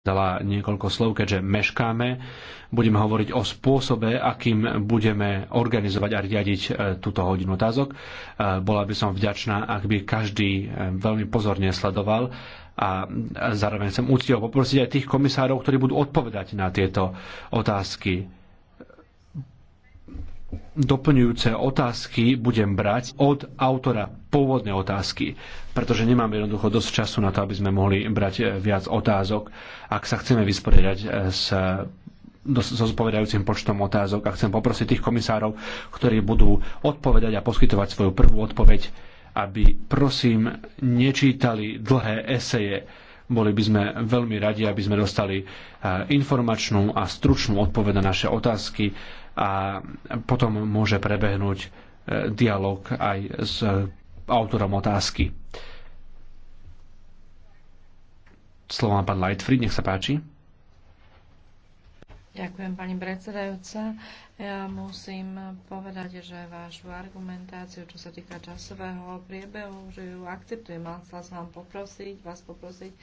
dala niekoľko slov, keďže meškáme. Budeme hovoriť o spôsobe, akým budeme organizovať a riadiť e, túto hodinu otázok. E, bola by som vďačná, ak by každý e, veľmi pozorne sledoval a zároveň chcem úctivo poprosiť aj tých komisárov, ktorí budú odpovedať na tieto otázky doplňujúce otázky budem brať od autora pôvodnej otázky, pretože nemám jednoducho dosť času na to, aby sme mohli brať eh, viac otázok, ak sa chceme vysporiadať eh, s so zodpovedajúcim počtom otázok a chcem poprosiť tých komisárov, ktorí budú odpovedať a poskytovať svoju prvú odpoveď, aby prosím nečítali dlhé eseje. Boli by sme veľmi radi, aby sme dostali eh, informačnú a stručnú odpoveď na naše otázky a potom môže prebehnúť e, dialog aj s autorom otázky. Slovo má pán Lightfried, nech sa páči. Ďakujem, pani predsedajúca. Ja musím povedať, že vašu argumentáciu, čo sa týka časového priebehu, že ju akceptujem. ale chcela som vám poprosiť, vás poprosiť,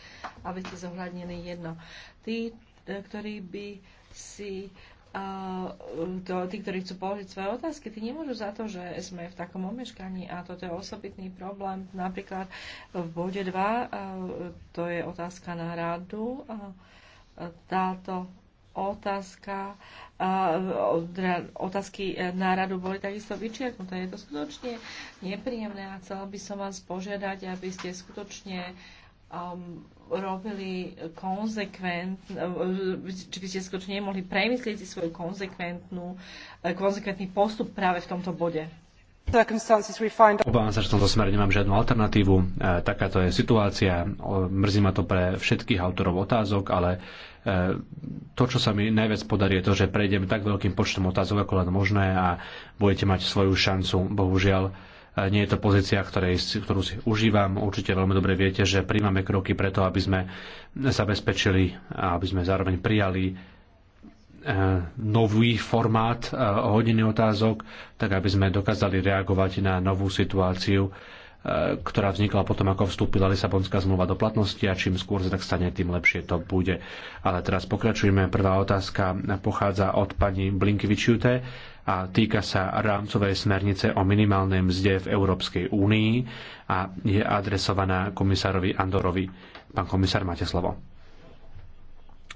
aby ste zohľadnili jedno. Tí, e, ktorí by si E, to, tí, ktorí chcú položiť svoje otázky, tí nemôžu za to, že sme v takom omeškaní a toto je osobitný problém. Napríklad v bode 2, e, to je otázka na radu, táto otázka, e, otázky na radu boli takisto vyčiarknuté. Je to skutočne nepríjemné a chcela by som vás požiadať, aby ste skutočne um, robili konzekvent, či by ste skutočne nemohli premyslieť si konzekventnú, eh, konzekventný postup práve v tomto bode. Obávam sa, že v tomto smere nemám žiadnu alternatívu. Eh, takáto je situácia. Mrzí ma to pre všetkých autorov otázok, ale eh, to, čo sa mi najviac podarí, je to, že prejdem tak veľkým počtom otázok, ako len možné a budete mať svoju šancu. Bohužiaľ, nie je to pozícia, ktorej, ktorú si užívam. Určite veľmi dobre viete, že príjmame kroky preto, aby sme zabezpečili a aby sme zároveň prijali e, nový formát e, hodiny otázok, tak aby sme dokázali reagovať na novú situáciu, e, ktorá vznikla potom, ako vstúpila Lisabonská zmluva do platnosti a čím skôr sa tak stane, tým lepšie to bude. Ale teraz pokračujeme. Prvá otázka pochádza od pani Blinkevičiute a týka sa rámcovej smernice o minimálnej mzde v Európskej únii a je adresovaná komisárovi Andorovi. Pán komisár, máte slovo.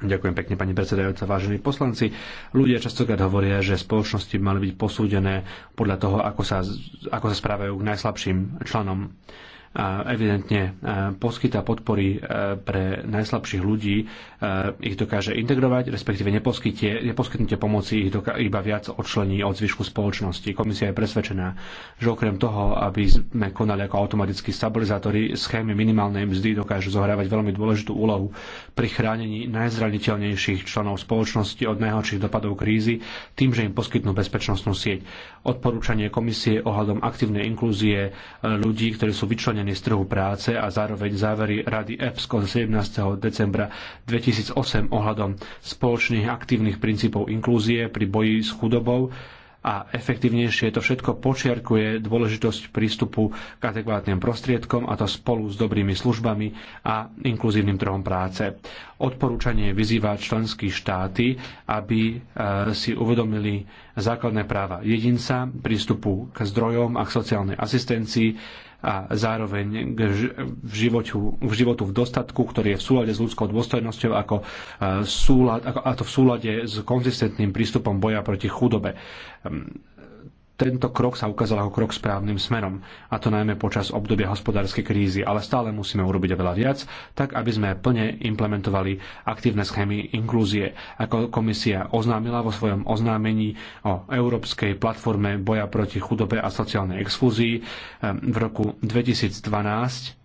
Ďakujem pekne, pani predsedajúca, vážení poslanci. Ľudia častokrát hovoria, že spoločnosti mali byť posúdené podľa toho, ako sa, ako sa správajú k najslabším členom evidentne e, poskyta podpory e, pre najslabších ľudí, e, ich dokáže integrovať, respektíve neposkytnutie pomoci ich iba viac odčlení od zvyšku spoločnosti. Komisia je presvedčená, že okrem toho, aby sme konali ako automatickí stabilizátori, schémy minimálnej mzdy dokážu zohrávať veľmi dôležitú úlohu pri chránení najzraniteľnejších členov spoločnosti od najhorších dopadov krízy tým, že im poskytnú bezpečnostnú sieť. Odporúčanie komisie ohľadom aktívnej inklúzie ľudí, ktorí sú vyčlenení vyčlenení z trhu práce a zároveň závery Rady EPSCO z 17. decembra 2008 ohľadom spoločných aktívnych princípov inklúzie pri boji s chudobou a efektívnejšie to všetko počiarkuje dôležitosť prístupu k adekvátnym prostriedkom a to spolu s dobrými službami a inkluzívnym trhom práce. Odporúčanie vyzýva členské štáty, aby e, si uvedomili základné práva jedinca, prístupu k zdrojom a k sociálnej asistencii, a zároveň v životu, v životu v dostatku, ktorý je v súlade s ľudskou dôstojnosťou ako e, súlad, ako, a to v súlade s konzistentným prístupom boja proti chudobe. Ehm, tento krok sa ukázal ako krok správnym smerom, a to najmä počas obdobia hospodárskej krízy, ale stále musíme urobiť oveľa viac, tak aby sme plne implementovali aktívne schémy inklúzie. Ako komisia oznámila vo svojom oznámení o Európskej platforme boja proti chudobe a sociálnej exklúzii ehm, v roku 2012,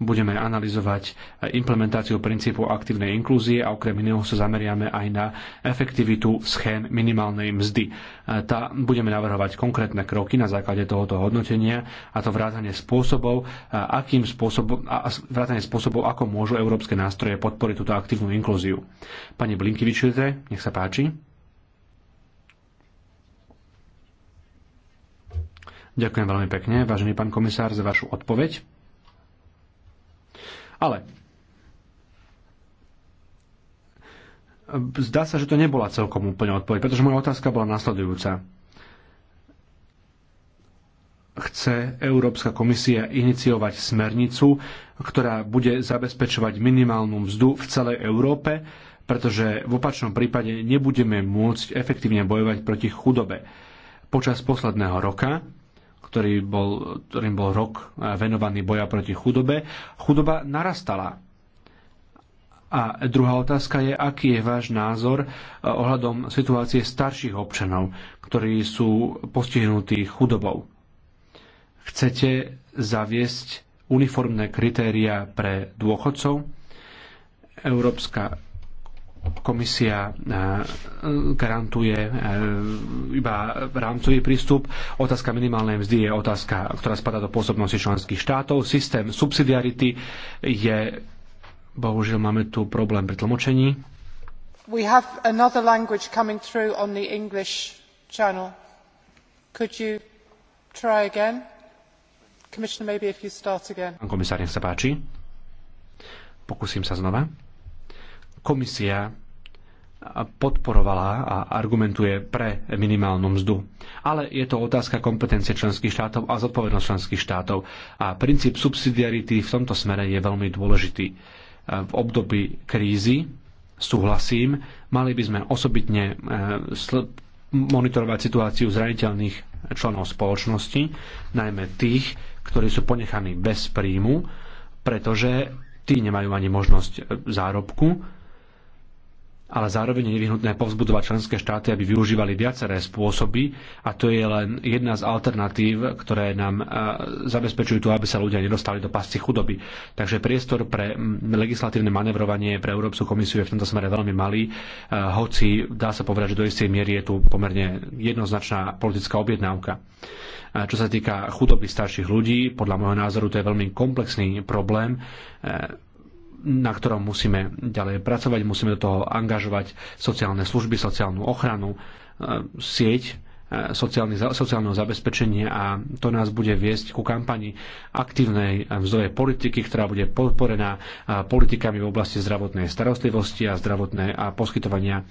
budeme analyzovať implementáciu princípu aktívnej inklúzie a okrem iného sa zameriame aj na efektivitu schém minimálnej mzdy. Tá budeme navrhovať konkrétne kroky na základe tohoto hodnotenia a to vrátanie spôsobov, akým spôsobom, a vrátanie spôsobov, ako môžu európske nástroje podporiť túto aktívnu inklúziu. Pani Blinkivičujete, nech sa páči. Ďakujem veľmi pekne, vážený pán komisár, za vašu odpoveď. Ale zdá sa, že to nebola celkom úplne odpoveď, pretože moja otázka bola nasledujúca. Chce Európska komisia iniciovať smernicu, ktorá bude zabezpečovať minimálnu mzdu v celej Európe, pretože v opačnom prípade nebudeme môcť efektívne bojovať proti chudobe. Počas posledného roka ktorý bol, ktorým bol rok e, venovaný boja proti chudobe, chudoba narastala. A druhá otázka je, aký je váš názor e, ohľadom situácie starších občanov, ktorí sú postihnutí chudobou. Chcete zaviesť uniformné kritéria pre dôchodcov? Európska komisia e, garantuje e, iba rámcový prístup. Otázka minimálnej mzdy je otázka, ktorá spadá do pôsobnosti členských štátov. Systém subsidiarity je... Bohužiaľ, máme tu problém pri tlmočení. We have another language coming through on the English channel. Could you try again? Commissioner, maybe if you start again. Pán komisár, nech sa páči. Pokúsim sa znova komisia podporovala a argumentuje pre minimálnu mzdu. Ale je to otázka kompetencie členských štátov a zodpovednosť členských štátov. A princíp subsidiarity v tomto smere je veľmi dôležitý. E, v období krízy, súhlasím, mali by sme osobitne e, monitorovať situáciu zraniteľných členov spoločnosti, najmä tých, ktorí sú ponechaní bez príjmu, pretože tí nemajú ani možnosť e, zárobku ale zároveň je nevyhnutné povzbudovať členské štáty, aby využívali viaceré spôsoby a to je len jedna z alternatív, ktoré nám e, zabezpečujú to, aby sa ľudia nedostali do pasci chudoby. Takže priestor pre legislatívne manevrovanie pre Európsku komisiu je v tomto smere veľmi malý, e, hoci dá sa povedať, že do istej miery je tu pomerne jednoznačná politická objednávka. E, čo sa týka chudoby starších ľudí, podľa môjho názoru to je veľmi komplexný problém na ktorom musíme ďalej pracovať, musíme do toho angažovať sociálne služby, sociálnu ochranu, e, sieť sociálneho zabezpečenia a to nás bude viesť ku kampani aktívnej mzdovej politiky, ktorá bude podporená politikami v oblasti zdravotnej starostlivosti a zdravotné a poskytovania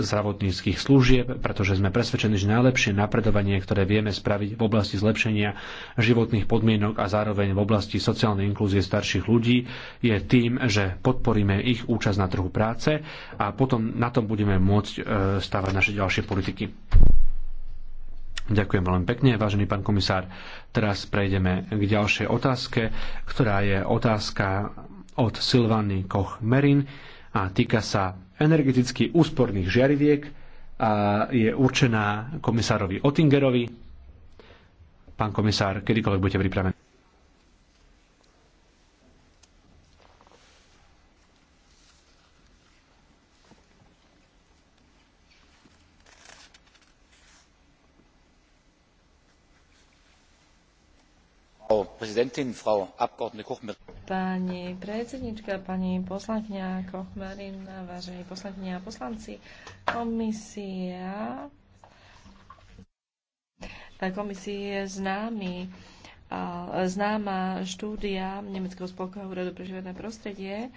zdravotníckých služieb, pretože sme presvedčení, že najlepšie napredovanie, ktoré vieme spraviť v oblasti zlepšenia životných podmienok a zároveň v oblasti sociálnej inklúzie starších ľudí, je tým, že podporíme ich účasť na trhu práce a potom na tom budeme môcť e, stavať naše ďalšie politiky. Ďakujem veľmi pekne, vážený pán komisár. Teraz prejdeme k ďalšej otázke, ktorá je otázka od Silvany Koch-Merin a týka sa energeticky úsporných žiariviek a je určená komisárovi Ottingerovi. Pán komisár, kedykoľvek budete pripravení. Pani predsednička, pani poslankyňa Kochmarin, vážení poslankyňa a poslanci, komisia komisie je známy, známa štúdia Nemeckého spolkového úradu pre životné prostredie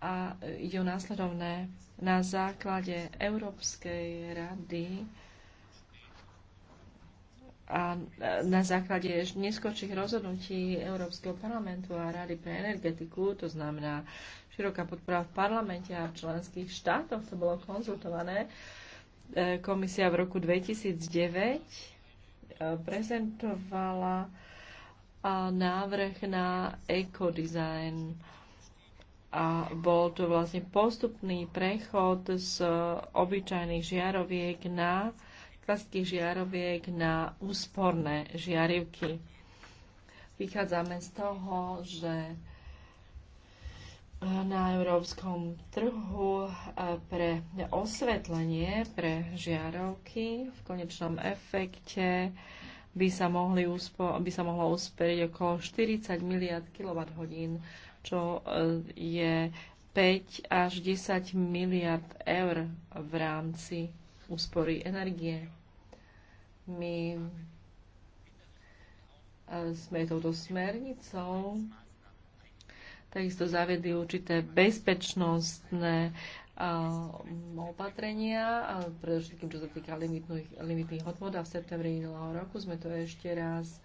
a ide o následovné. Na základe Európskej rady a na základe neskôrších rozhodnutí Európskeho parlamentu a Rady pre energetiku, to znamená široká podpora v parlamente a v členských štátoch, to bolo konzultované, e, komisia v roku 2009 e, prezentovala návrh na ekodizajn a bol to vlastne postupný prechod z obyčajných žiaroviek na klasických žiaroviek na úsporné žiarivky. Vychádzame z toho, že eh, na európskom trhu eh, pre osvetlenie pre žiarovky v konečnom efekte by sa, mohli uspo- by sa mohlo usperiť okolo 40 miliard kWh, čo eh, je 5 až 10 miliard eur v rámci úspory energie. My e, sme touto smernicou takisto zavedli určité bezpečnostné e, opatrenia, predovšetkým čo sa týka limitných, limitných odvod a v septembri minulého roku sme to ešte raz e,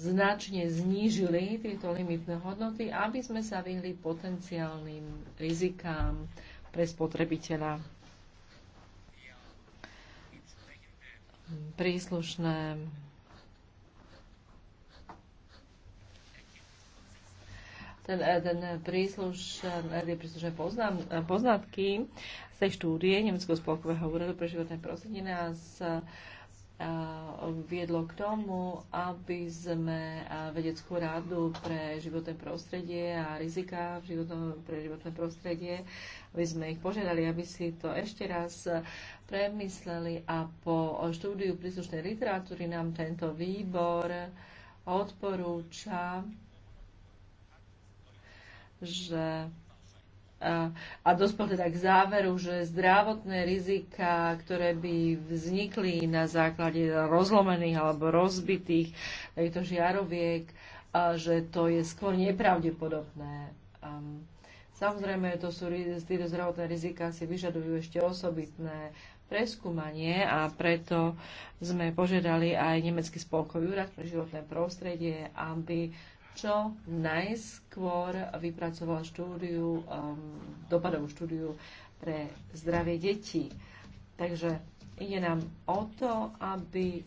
značne znížili tieto limitné hodnoty, aby sme sa vyhli potenciálnym rizikám pre spotrebiteľa. príslušné ten, eh, ten príslušné, eh, príslušné poznám, eh, poznatky z tej štúdie Nemeckého spolkového úradu pre životné prostredie nás viedlo k tomu, aby sme vedeckú radu pre životné prostredie a rizika v životnom, pre životné prostredie, aby sme ich požiadali, aby si to ešte raz premysleli a po štúdiu príslušnej literatúry nám tento výbor odporúča, že a dospel teda k záveru, že zdravotné rizika, ktoré by vznikli na základe rozlomených alebo rozbitých týchto žiaroviek, že to je skôr nepravdepodobné. Samozrejme, to sú, tieto zdravotné rizika si vyžadujú ešte osobitné preskúmanie a preto sme požiadali aj Nemecký spolkový úrad pre životné prostredie, aby čo najskôr vypracoval štúdiu, um, dopadovú štúdiu pre zdravie detí. Takže ide nám o to, aby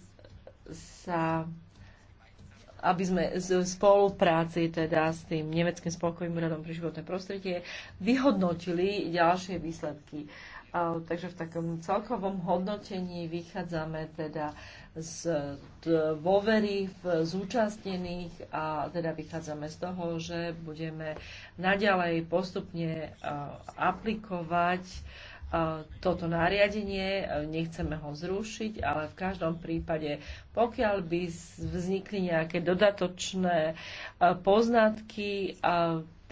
sa aby sme z spolupráci teda s tým Nemeckým spolkovým radom pre životné prostredie vyhodnotili ďalšie výsledky. Uh, takže v takom celkovom hodnotení vychádzame teda uh, z dôvery v zúčastnených a teda vychádzame z toho, že budeme naďalej postupne e, aplikovať e, toto nariadenie, nechceme ho zrušiť, ale v každom prípade, pokiaľ by vznikli nejaké dodatočné e, poznatky,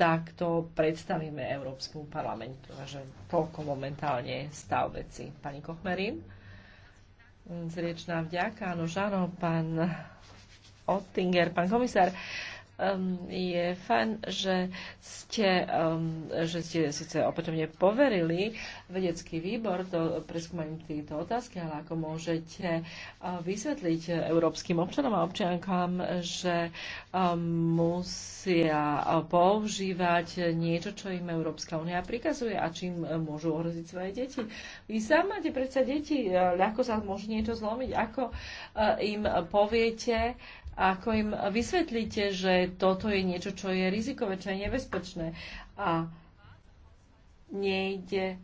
tak to predstavíme Európskemu parlamentu. Takže toľko momentálne stav veci. Pani Kochmerin? Zriečná vďaka. Áno, žáno, pán Ottinger, pán komisár um, je fajn, že ste, um, že ste síce opätovne poverili vedecký výbor do preskúmania týchto otázky, ale ako môžete uh, vysvetliť európskym občanom a občiankám, že um, musia eh, používať niečo, čo im Európska únia prikazuje a čím eh, môžu ohroziť svoje deti. Vy sám máte predsa deti, ľahko sa môže niečo zlomiť, ako uh, im poviete, ako im vysvetlíte, že toto je niečo, čo je rizikové, čo je nebezpečné. A nejde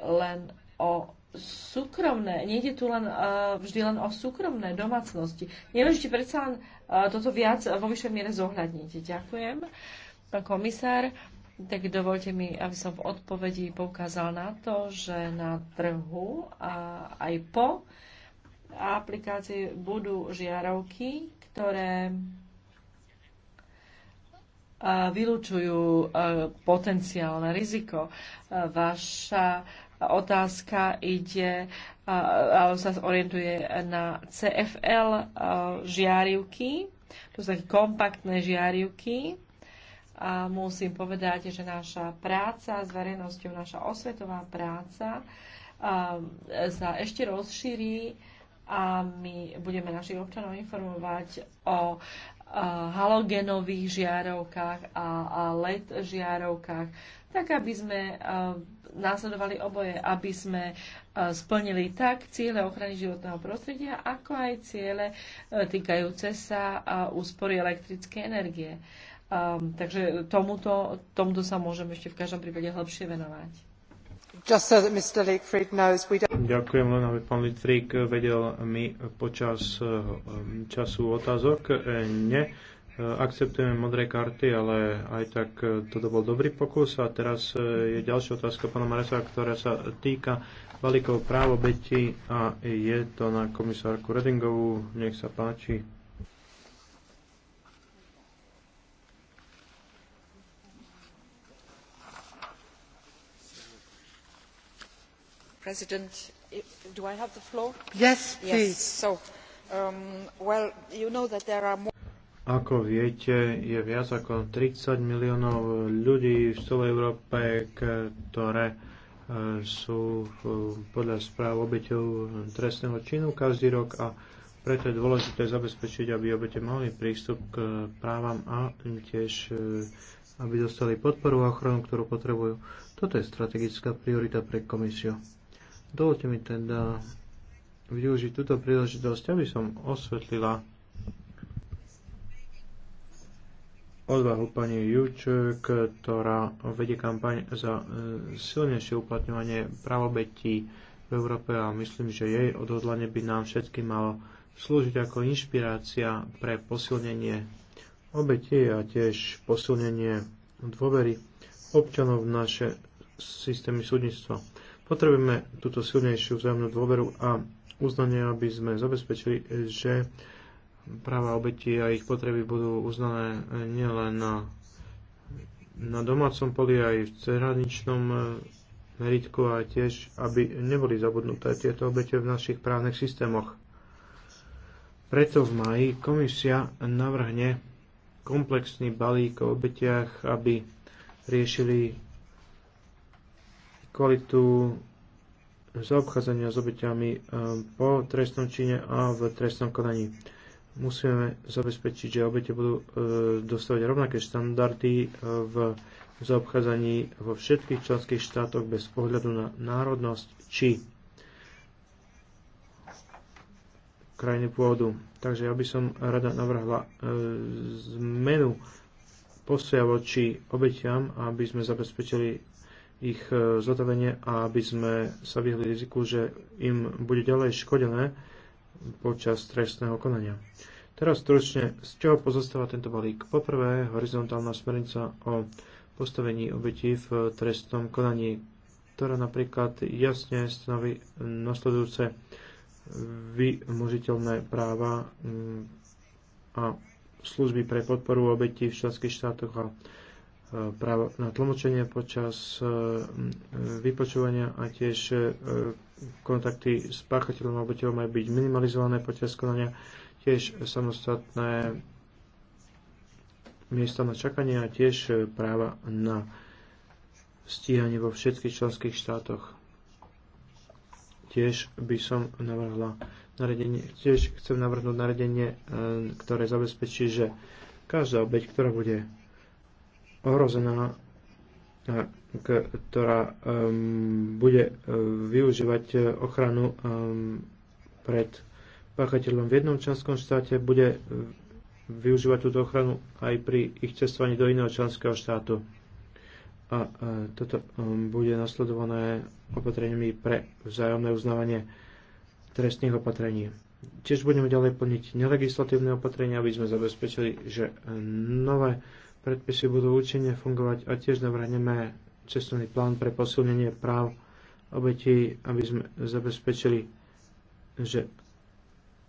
len o súkromné, nejde tu len, e, vždy len o súkromné domácnosti. Nemôžete predsa len e, toto viac vo vyššej miere zohľadniť. Ďakujem, pán komisár. Tak dovolte mi, aby som v odpovedi poukázal na to, že na trhu a aj po aplikácii budú žiarovky, ktoré vylúčujú potenciálne riziko. Vaša otázka ide alebo sa orientuje na CFL žiarivky, to sú také kompaktné žiarivky. A musím povedať, že naša práca s verejnosťou, naša osvetová práca sa ešte rozšíri a my budeme našich občanov informovať o eh, halogenových žiarovkách a, LED žiarovkách, tak aby sme eh, následovali oboje, aby sme eh, splnili tak ciele ochrany životného prostredia, ako aj ciele týkajúce sa úspory elektrickej energie. Um, takže tomuto, tomuto sa môžeme ešte v každom prípade hĺbšie venovať. Ďakujem len, aby pán Litvík vedel, my počas um, času otázok Nie. E, akceptujeme modré karty, ale aj tak e, toto bol dobrý pokus. A teraz e, je ďalšia otázka pána Maresa, ktorá sa týka balíkov právo beti a je to na komisárku Redingovú. Nech sa páči. President, do I have the floor? Yes, please. Um, you know that there are more... Ako viete, je viac ako 30 miliónov ľudí v celej Európe, ktoré e, sú podľa správ obeťou trestného činu každý rok a preto je dôležité zabezpečiť, aby obete mali prístup k právam a tiež e, aby dostali podporu a ochranu, ktorú potrebujú. Toto je strategická priorita pre komisiu. Dovolte mi teda využiť túto príležitosť, aby som osvetlila odvahu pani Juč, ktorá vedie kampaň za e, silnejšie uplatňovanie právobetí v Európe a myslím, že jej odhodlanie by nám všetkým malo slúžiť ako inšpirácia pre posilnenie obetí a tiež posilnenie dôvery občanov v naše systémy súdnictva. Potrebujeme túto silnejšiu vzájomnú dôveru a uznanie, aby sme zabezpečili, že práva obeti a ich potreby budú uznané nielen na, na domácom poli, aj v cehraničnom e, meritku a tiež, aby neboli zabudnuté tieto obete v našich právnych systémoch. Preto v maji komisia navrhne komplexný balík o obetiach, aby riešili kvalitu zaobchádzania s obeťami eh, po trestnom čine a v trestnom konaní. Musíme zabezpečiť, že obete budú eh, dostávať rovnaké štandardy eh, v zaobchádzaní vo všetkých členských štátoch bez pohľadu na národnosť či krajiny pôvodu. Takže ja by som rada navrhla zmenu postoja voči obetiam, aby sme zabezpečili ich e, zotavenie a aby sme sa vyhli riziku, že im bude ďalej škodené počas trestného konania. Teraz stručne, z čoho pozostáva tento balík? Poprvé, horizontálna smernica o postavení obetí v trestnom konaní, ktorá napríklad jasne stanoví nasledujúce vymožiteľné práva mm, a služby pre podporu obetí v členských štátoch a právo na tlmočenie počas e, vypočúvania a tiež e, kontakty s páchateľom alebo obeteľom majú byť minimalizované počas konania, tiež samostatné miesta na čakanie a tiež e, práva na stíhanie vo všetkých členských štátoch. Tiež by som navrhla naredenie, tiež chcem navrhnúť naredenie, ktoré zabezpečí, že každá obeď, ktorá bude ohrozená, ktorá bude eh, využívať eh, ochranu pred páchateľom v jednom členskom štáte, bude eh, využívať túto ochranu aj pri ich cestovaní do iného členského štátu. A toto bude nasledované opatreniami pre vzájomné uznávanie trestných opatrení. Tiež budeme ďalej plniť nelegislatívne opatrenia, aby sme zabezpečili, že nové predpisy budú účinne fungovať a tiež navrhneme cestovný plán pre posilnenie práv obetí, aby sme zabezpečili, že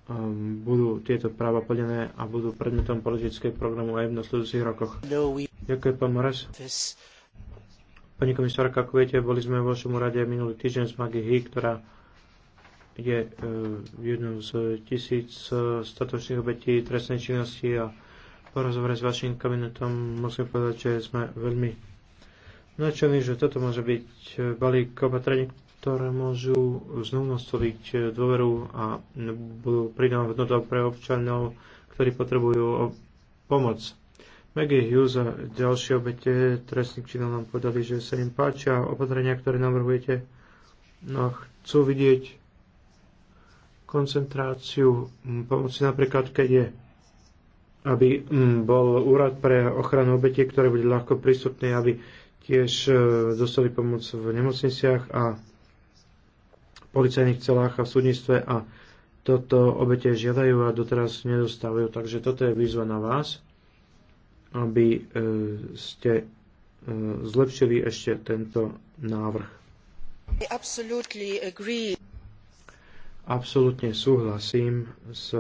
um, budú tieto práva plnené a budú predmetom politickej programu aj v nasledujúcich rokoch. Ďakujem, pán Moras. Pani komisárka, ako viete, boli sme vo vašom rade minulý týždeň s Maggie Hee, ktorá je uh, jednou z tisíc uh, statočných obetí trestnej činnosti a po rozhovore s vašim kabinetom musím povedať, že sme veľmi nadšení, že toto môže byť e, balík opatrení, ktoré môžu znovu nastoliť e, dôveru a budú pridávať hodnotu pre občanov, ktorí potrebujú pomoc. Maggie Hughes a ďalšie obete trestných činov nám povedali, že sa im páčia opatrenia, ktoré navrhujete, no chcú vidieť koncentráciu pomoci napríklad, keď je aby mm, bol úrad pre ochranu obetí, ktoré bude ľahko prístupné, aby tiež e, dostali pomoc v nemocniciach a policajných celách a v súdnictve a toto obete žiadajú a doteraz nedostávajú. Takže toto je výzva na vás, aby e, ste e, zlepšili ešte tento návrh. Absolutne súhlasím s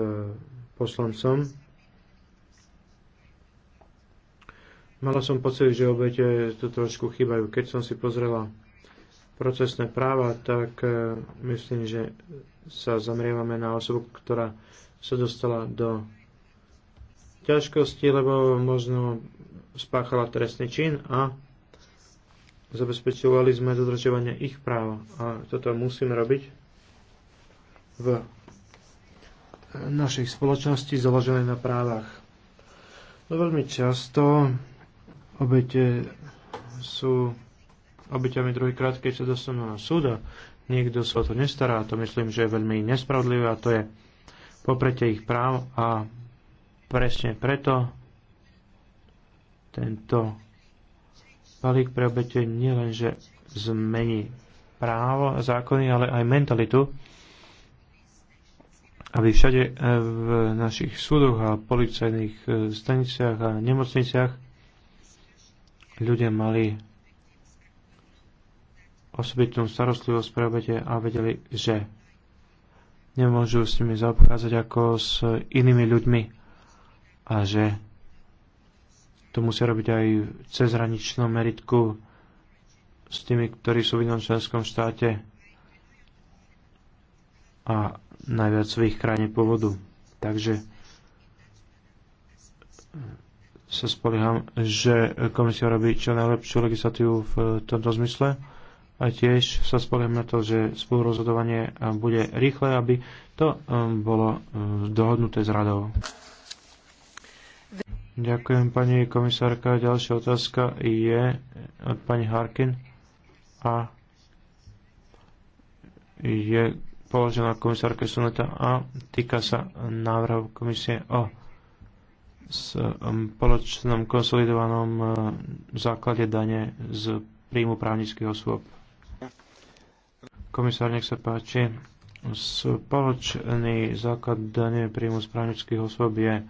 poslancom Mala som pocit, že obete to trošku chýbajú. Keď som si pozrela procesné práva, tak e, myslím, že sa zamrievame na osobu, ktorá sa dostala do ťažkosti, lebo možno spáchala trestný čin a zabezpečovali sme dodržovanie ich práva. A toto musíme robiť v našej spoločnosti založené na právach. No veľmi často Obete sú obeťami druhýkrát, keď sa dostanú na súda. Niekto sa o to nestará a to myslím, že je veľmi nespravodlivé a to je popretie ich práv a presne preto tento balík pre obete nielenže zmení právo, a zákony, ale aj mentalitu, aby všade v našich súdoch a policajných eh, staniciach a nemocniciach ľudia mali osobitnú starostlivosť pre obete a vedeli, že nemôžu s nimi zaobchádzať ako s inými ľuďmi a že to musia robiť aj cez hraničnú meritku s tými, ktorí sú v inom členskom štáte a najviac v ich krajine pôvodu. Takže sa spolíham, že komisia robí čo najlepšiu legislatívu v tomto zmysle a tiež sa spolíham na to, že spolurozhodovanie bude rýchle, aby to um, bolo um, dohodnuté s radou. Ďakujem, pani komisárka. Ďalšia otázka je od pani Harkin a je položená komisárka Suneta a týka sa návrhov komisie o spoločnom um, konsolidovanom uh, základe dane z príjmu právnických osôb. Komisár, nech sa páči. Spoločný základ dane príjmu z právnických osôb je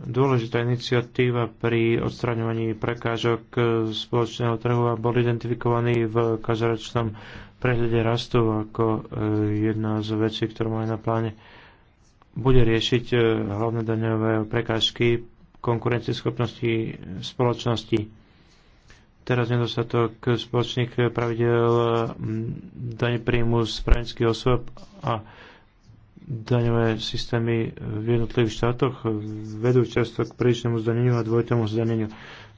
dôležitá iniciatíva pri odstraňovaní prekážok uh, spoločného trhu a bol identifikovaný v každoročnom prehľade rastu ako uh, jedna z vecí, ktorú máme na pláne bude riešiť e, hlavné daňové prekážky konkurencieschopnosti spoločnosti. Teraz nedostatok spoločných pravidel daň príjmu z právnických osôb a daňové systémy v jednotlivých štátoch vedú často k prílišnému zdaneniu a dvojitému zdaneniu.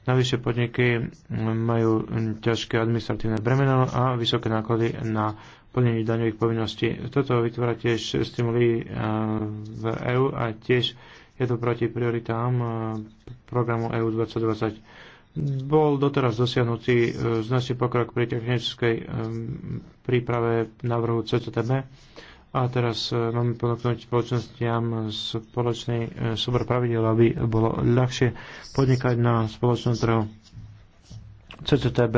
Navyše podniky majú ťažké administratívne bremeno a vysoké náklady na plnení daňových povinností. Toto vytvára tiež stimuly eh, v EÚ a tiež je to proti prioritám eh, programu EU 2020 bol doteraz dosiahnutý eh, značný pokrok pri technickej príprave návrhu CCTB a teraz máme ponúknuť spoločnostiam spoločnej súbor pravidel, aby bolo ľahšie podnikať na spoločnom trhu. CCTB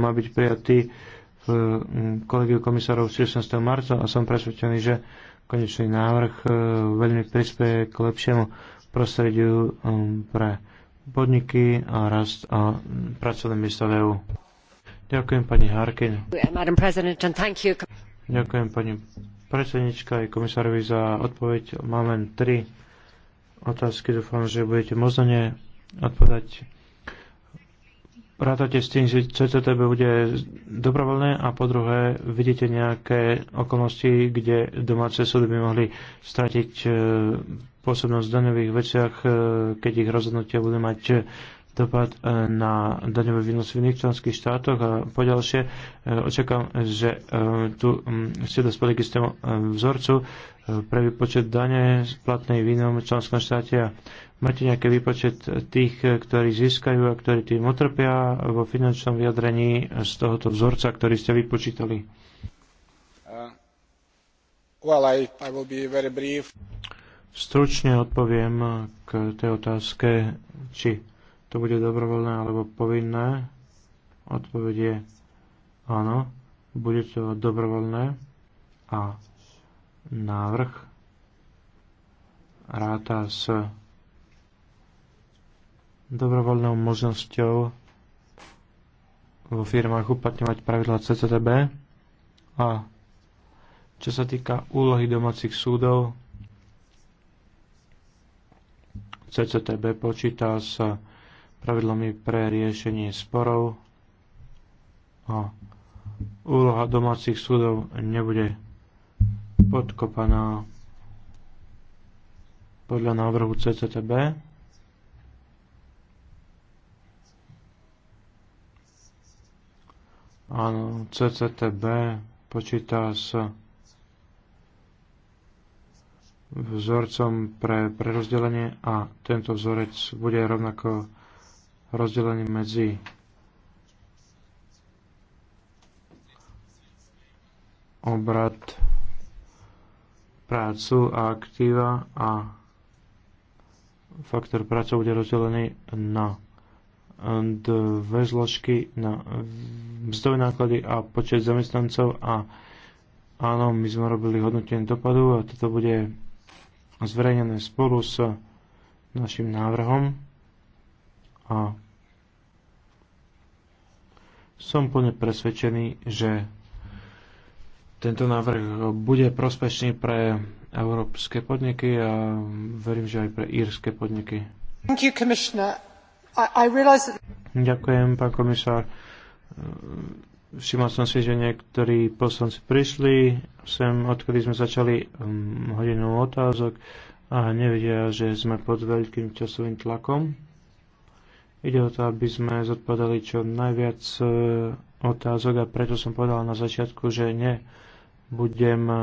má byť prijatý E, kolegiu komisárov 16. marca a som presvedčený, že konečný návrh e, veľmi prispieje k lepšiemu prostrediu e, pre podniky a rast a pracovné miesta v EU. Ďakujem pani Harkin. Ďakujem pani predsednička aj komisárovi za odpoveď. Mám len tri otázky. Dúfam, že budete možno odpovedať rátate s tým, že CCTB bude dobrovoľné a po druhé vidíte nejaké okolnosti, kde domáce súdy by mohli stratiť e, pôsobnosť v daňových veciach, e, keď ich rozhodnutia budú mať e, dopad na daňové výnosy v iných členských štátoch a poďalšie. Očakám, že tu ste dospeli k istému vzorcu pre vypočet dane platnej v inom členskom štáte a Máte nejaký výpočet tých, ktorí získajú a ktorí tým utrpia vo finančnom vyjadrení z tohoto vzorca, ktorý ste vypočítali? Uh, well, I, I will be very brief. Stručne odpoviem k tej otázke, či to bude dobrovoľné alebo povinné. Odpoveď je áno, bude to dobrovoľné a návrh ráta s dobrovoľnou možnosťou vo firmách uplatňovať pravidla CCTB a čo sa týka úlohy domácich súdov, CCTB počíta s pravidlami pre riešenie sporov a úloha domácich súdov nebude podkopaná podľa návrhu CCTB. Áno, CCTB počíta s vzorcom pre prerozdelenie a tento vzorec bude rovnako rozdelený medzi obrad, prácu a aktíva a faktor práce bude rozdelený na dve zložky na mzdové náklady a počet zamestnancov a áno, my sme robili hodnotenie dopadu a toto bude zverejnené spolu s našim návrhom a som plne presvedčený, že tento návrh bude prospešný pre európske podniky a verím, že aj pre írske podniky. You, I, I Ďakujem, pán komisár. Ehm, všimol som si, že niektorí poslanci prišli sem, odkedy sme začali um, hodinu otázok a nevedia, že sme pod veľkým časovým tlakom. Ide o to, aby sme zodpovedali čo najviac uh, otázok a preto som povedal na začiatku, že ne uh, e,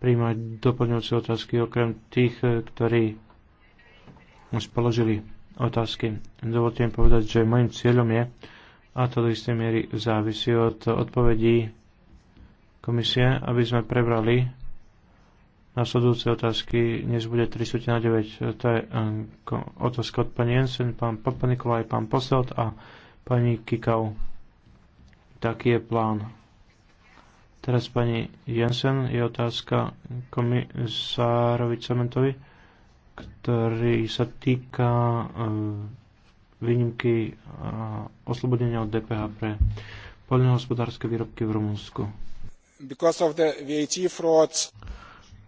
príjmať doplňujúce otázky okrem tých, uh, ktorí už položili otázky. Dovolte mi povedať, že môjim cieľom je, a to do istej miery závisí od odpovedí komisie, aby sme prebrali nasledujúce otázky, Dnes bude 309. To je eh, otázka od pani Jensen, pán Papa aj pán Poselt a pani Kikau. Taký je plán. Teraz pani Jensen je otázka komisárovi Cementovi, ktorý sa týka eh, výnimky oslobodenia od DPH pre poľnohospodárske výrobky v Rumunsku.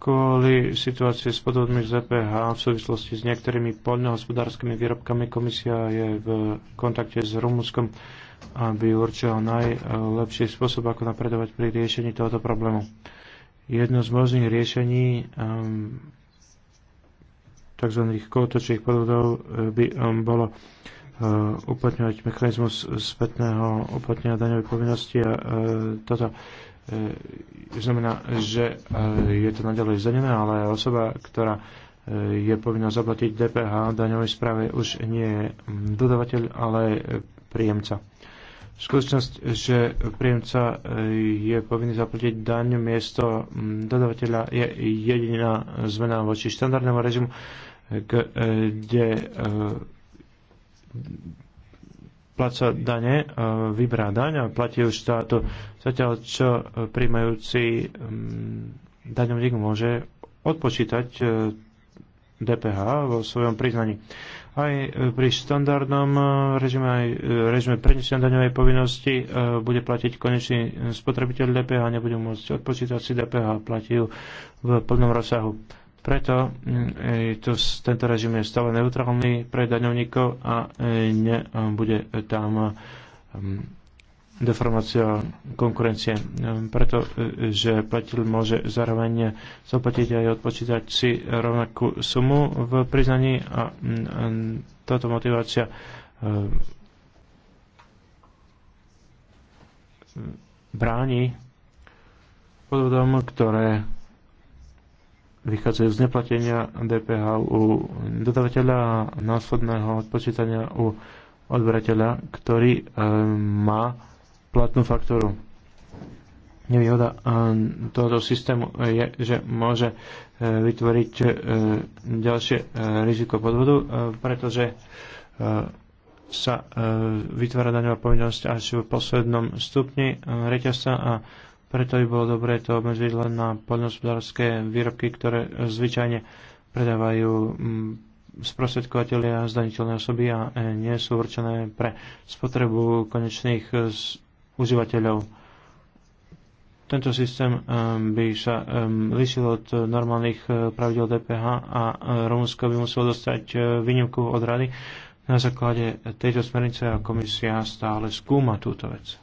Kvôli situácii s podvodmi z DPH v súvislosti s niektorými poľnohospodárskymi výrobkami komisia je v kontakte s Rumunskom, aby určila najlepší spôsob, ako napredovať pri riešení tohoto problému. Jedno z možných riešení um, ehm, tzv. kolotočných podvodov e, by um, bolo Eh, uplatňovať mechanizmus spätného uplatnenia daňovej povinnosti a uh, toto uh, znamená, že uh, je to naďalej zdanené, ale osoba, ktorá uh, je povinná zaplatiť DPH daňovej správe, už nie je hm, dodavateľ, ale príjemca. Skutočnosť, že príjemca je povinný zaplatiť daň miesto hm, dodavateľa je jediná zmena voči štandardnému režimu, kde placa dane, e, vybrá daň a platí už štátu. Zatiaľ, čo príjmajúci mm, daňovník môže odpočítať e, DPH vo svojom priznaní. Aj e, pri štandardnom režime, aj režime prenesenia daňovej povinnosti bude platiť konečný spotrebiteľ DPH, nebude môcť odpočítať si DPH, platí ju v plnom rozsahu. Preto mm, tu, tento režim je stále neutrálny pre daňovníkov a nebude tam mm, deformácia konkurencie. Mm, preto, e, že platil môže zároveň zaplatiť aj odpočítať si rovnakú sumu v priznaní a táto motivácia e, bráni podvodom, ktoré vychádzajú z neplatenia DPH u dodavateľa a následného odpočítania u odberateľa, ktorý e, má platnú faktúru. Nevýhoda eh, tohoto systému je, že môže eh, vytvoriť ďalšie riziko podvodu, pretože sa vytvára daňová povinnosť až v poslednom stupni reťazca a preto by bolo dobré to obmedziť len na poľnohospodárske výrobky, ktoré zvyčajne predávajú mm, sprostredkovateľia a zdaniteľné osoby a e, nie sú určené pre spotrebu konečných e, užívateľov. Tento systém e, by sa lišil od normálnych pravidel DPH a Rumunsko by muselo dostať výnimku od rady. Na základe tejto smernice a komisia stále skúma túto vec.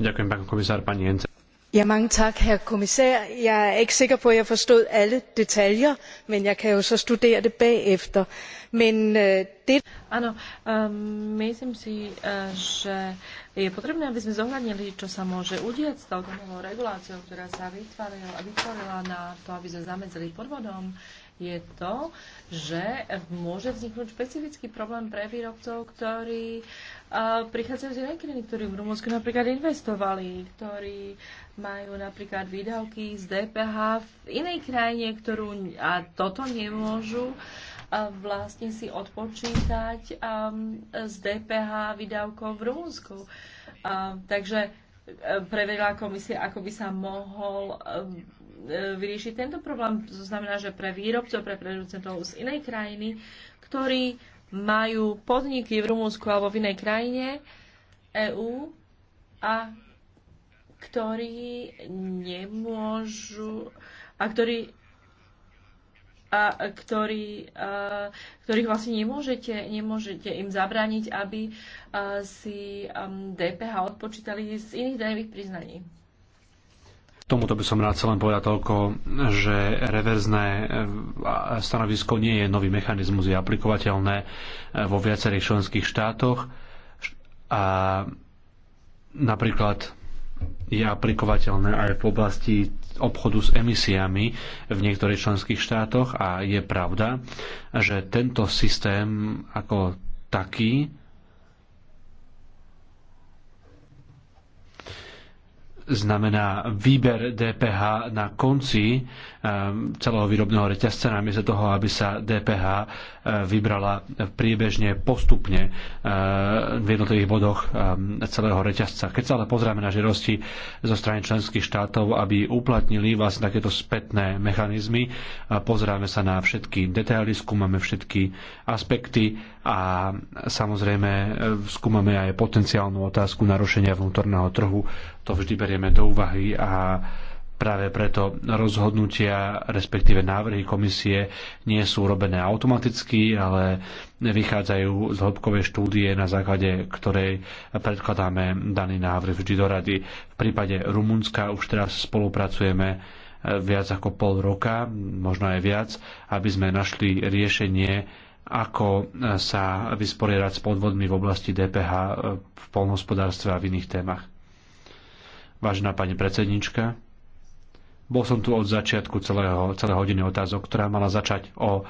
Ďakujem, pán komisár, pani Jence. Ja, mange tak, herr Jeg er ikke sikker på, at jeg forstod alle detaljer, men jeg kan jo så studere det bagefter. Men øh, det... Áno, um, myslím si, eh, že je potrebné, aby sme zohľadnili, čo sa môže udiať s touto reguláciou, ktorá sa vytvorila, vytvorila na to, aby sme zamedzili podvodom je to, že môže vzniknúť špecifický problém pre výrobcov, ktorí prichádzajú z inej krajiny, ktorí v Rumunsku napríklad investovali, ktorí majú napríklad výdavky z DPH v inej krajine, ktorú a toto nemôžu vlastne si odpočítať um, z DPH výdavkov v Rumunsku. Um, takže e, preverila komisia, ako by sa mohol um, e, vyriešiť tento problém. To znamená, že pre výrobcov, pre producentov z inej krajiny, ktorí majú podniky v Rumunsku alebo v inej krajine EÚ a ktorí nemôžu a ktorí a ktorý, a, ktorých vlastne nemôžete, nemôžete im zabrániť, aby a, si a, DPH odpočítali z iných daňových priznaní tomuto by som rád chcel len povedať toľko, že reverzné eh, stanovisko nie je nový mechanizmus, je aplikovateľné eh, vo viacerých členských štátoch a napríklad je aplikovateľné aj v oblasti obchodu s emisiami v niektorých členských štátoch a je pravda, že tento systém ako taký znamená výber DPH na konci Ehm, celého výrobného reťazca, namiesto toho, aby sa DPH eh, vybrala priebežne, postupne eh, v jednotlivých bodoch ehm, celého reťazca. Keď sa ale pozrieme na žirosti zo strany členských štátov, aby uplatnili vlastne takéto spätné mechanizmy, pozrieme sa na všetky detaily, skúmame všetky aspekty a samozrejme eh, skúmame aj potenciálnu otázku narušenia vnútorného trhu. To vždy berieme do úvahy a Práve preto rozhodnutia, respektíve návrhy komisie nie sú robené automaticky, ale vychádzajú z hĺbkovej štúdie, na základe ktorej predkladáme daný návrh vždy do rady. V prípade Rumunska už teraz spolupracujeme eh, viac ako pol roka, možno aj viac, aby sme našli riešenie, ako eh, sa vysporiadať s podvodmi v oblasti DPH eh, v polnohospodárstve a v iných témach. Vážená pani predsednička, bol som tu od začiatku celého, celého hodiny otázok, ktorá mala začať o e,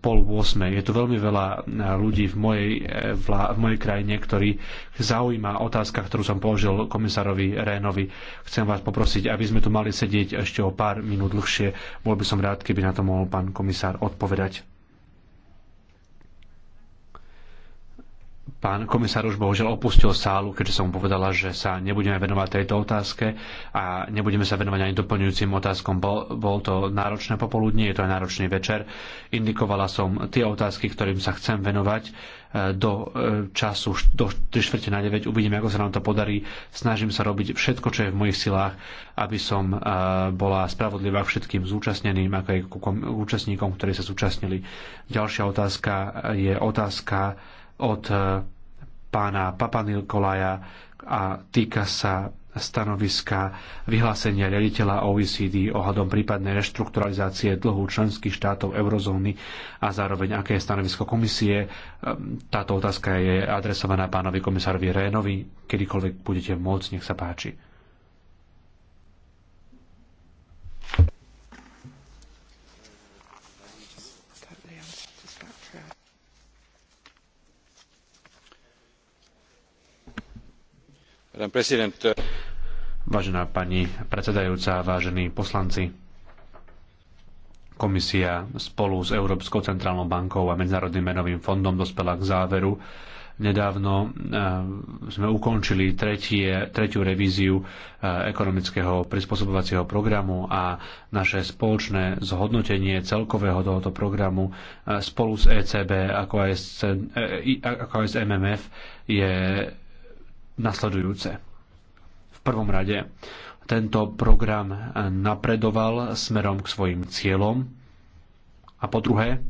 pol 8. Je tu veľmi veľa e, ľudí v mojej, e, vla, v mojej krajine, ktorí zaujíma otázka, ktorú som položil komisárovi Rénovi. Chcem vás poprosiť, aby sme tu mali sedieť ešte o pár minút dlhšie. Bol by som rád, keby na to mohol pán komisár odpovedať. Pán komisár už bohužiaľ opustil sálu, keďže som mu povedala, že sa nebudeme venovať tejto otázke a nebudeme sa venovať ani doplňujúcim otázkom. Bol, bol to náročné popoludnie, je to aj náročný večer. Indikovala som tie otázky, ktorým sa chcem venovať e, do e, času, do 3 čtvrte na 9. Uvidíme, ako sa nám to podarí. Snažím sa robiť všetko, čo je v mojich silách, aby som e, bola spravodlivá všetkým zúčastneným, ako aj účastníkom, ktorí sa zúčastnili. Ďalšia otázka je otázka od e, pána Papanilkolaja a týka sa stanoviska vyhlásenia riaditeľa OECD ohľadom prípadnej reštrukturalizácie dlhu členských štátov eurozóny a zároveň aké je stanovisko komisie. E, táto otázka je adresovaná pánovi komisárovi Rénovi. Kedykoľvek budete môcť, nech sa páči. Vážená pani predsedajúca, vážení poslanci, komisia spolu s Európskou centrálnou bankou a Medzinárodným menovým fondom dospela k záveru, nedávno e, sme ukončili tretie, tretiu revíziu e, ekonomického prispôsobovacieho programu a naše spoločné zhodnotenie celkového tohoto programu e, spolu s ECB ako aj s, ako aj s MMF je nasledujúce. V prvom rade tento program napredoval smerom k svojim cieľom a po druhé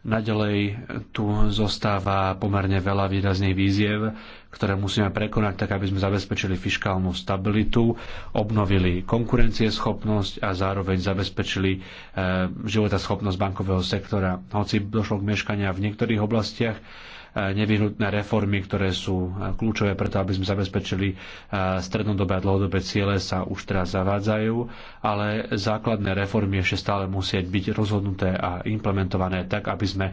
Naďalej tu zostáva pomerne veľa výrazných víziev, ktoré musíme prekonať tak, aby sme zabezpečili fiskálnu stabilitu, obnovili konkurencieschopnosť a zároveň zabezpečili e, životaschopnosť bankového sektora. Hoci došlo k meškania v niektorých oblastiach, nevyhnutné reformy, ktoré sú kľúčové preto, aby sme zabezpečili strednodobé a dlhodobé ciele sa už teraz zavádzajú, ale základné reformy ešte stále musieť byť rozhodnuté a implementované tak, aby sme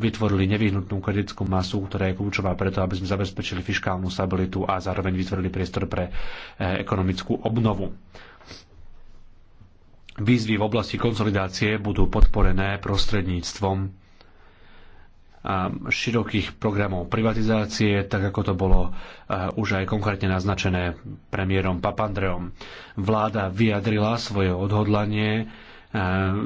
vytvorili nevyhnutnú kritickú masu, ktorá je kľúčová preto, aby sme zabezpečili fiskálnu stabilitu a zároveň vytvorili priestor pre e, ekonomickú obnovu. Výzvy v oblasti konsolidácie budú podporené prostredníctvom širokých programov privatizácie, tak ako to bolo e, už aj konkrétne naznačené premiérom Papandreom. Vláda vyjadrila svoje odhodlanie e,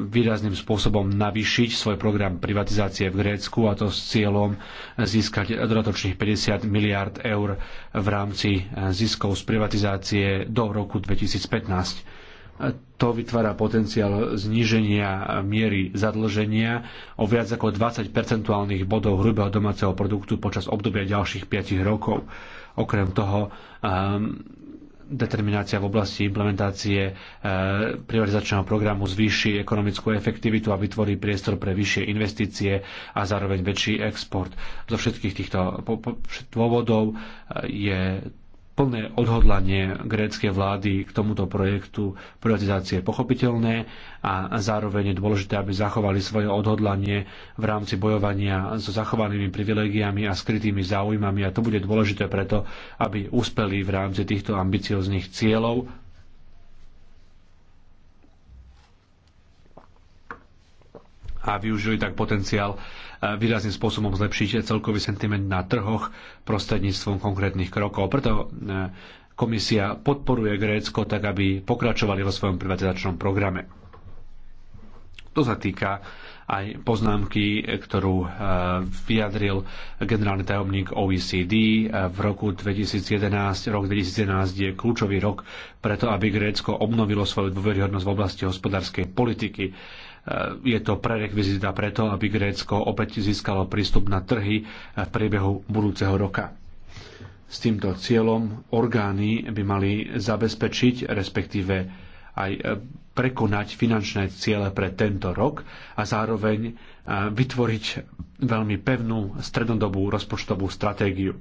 výrazným spôsobom navýšiť svoj program privatizácie v Grécku a to s cieľom získať dodatočných 50 miliard eur v rámci e, ziskov z privatizácie do roku 2015 to vytvára potenciál zníženia miery zadlženia o viac ako 20 percentuálnych bodov hrubého domáceho produktu počas obdobia ďalších 5 rokov. Okrem toho, um, determinácia v oblasti implementácie e, privatizačného programu zvýši ekonomickú efektivitu a vytvorí priestor pre vyššie investície a zároveň väčší export. Zo všetkých týchto dôvodov eh, je plné odhodlanie gréckej vlády k tomuto projektu privatizácie pochopiteľné a zároveň je dôležité, aby zachovali svoje odhodlanie v rámci bojovania so zachovanými privilegiami a skrytými záujmami a to bude dôležité preto, aby uspeli v rámci týchto ambicioznych cieľov a využili tak potenciál výrazným spôsobom zlepšiť celkový sentiment na trhoch prostredníctvom konkrétnych krokov. Preto e, komisia podporuje Grécko tak, aby pokračovali vo svojom privatizačnom programe. To sa týka aj poznámky, ktorú e, vyjadril generálny tajomník OECD e, v roku 2011. Rok 2011 je kľúčový rok preto, aby Grécko obnovilo svoju dôveryhodnosť v oblasti hospodárskej politiky. Eh, je to prerekvizita preto, aby Grécko opäť získalo prístup na trhy eh, v priebehu budúceho roka. S týmto cieľom orgány by mali zabezpečiť, respektíve aj eh, prekonať finančné ciele pre tento rok a zároveň vytvoriť veľmi pevnú strednodobú rozpočtovú stratégiu.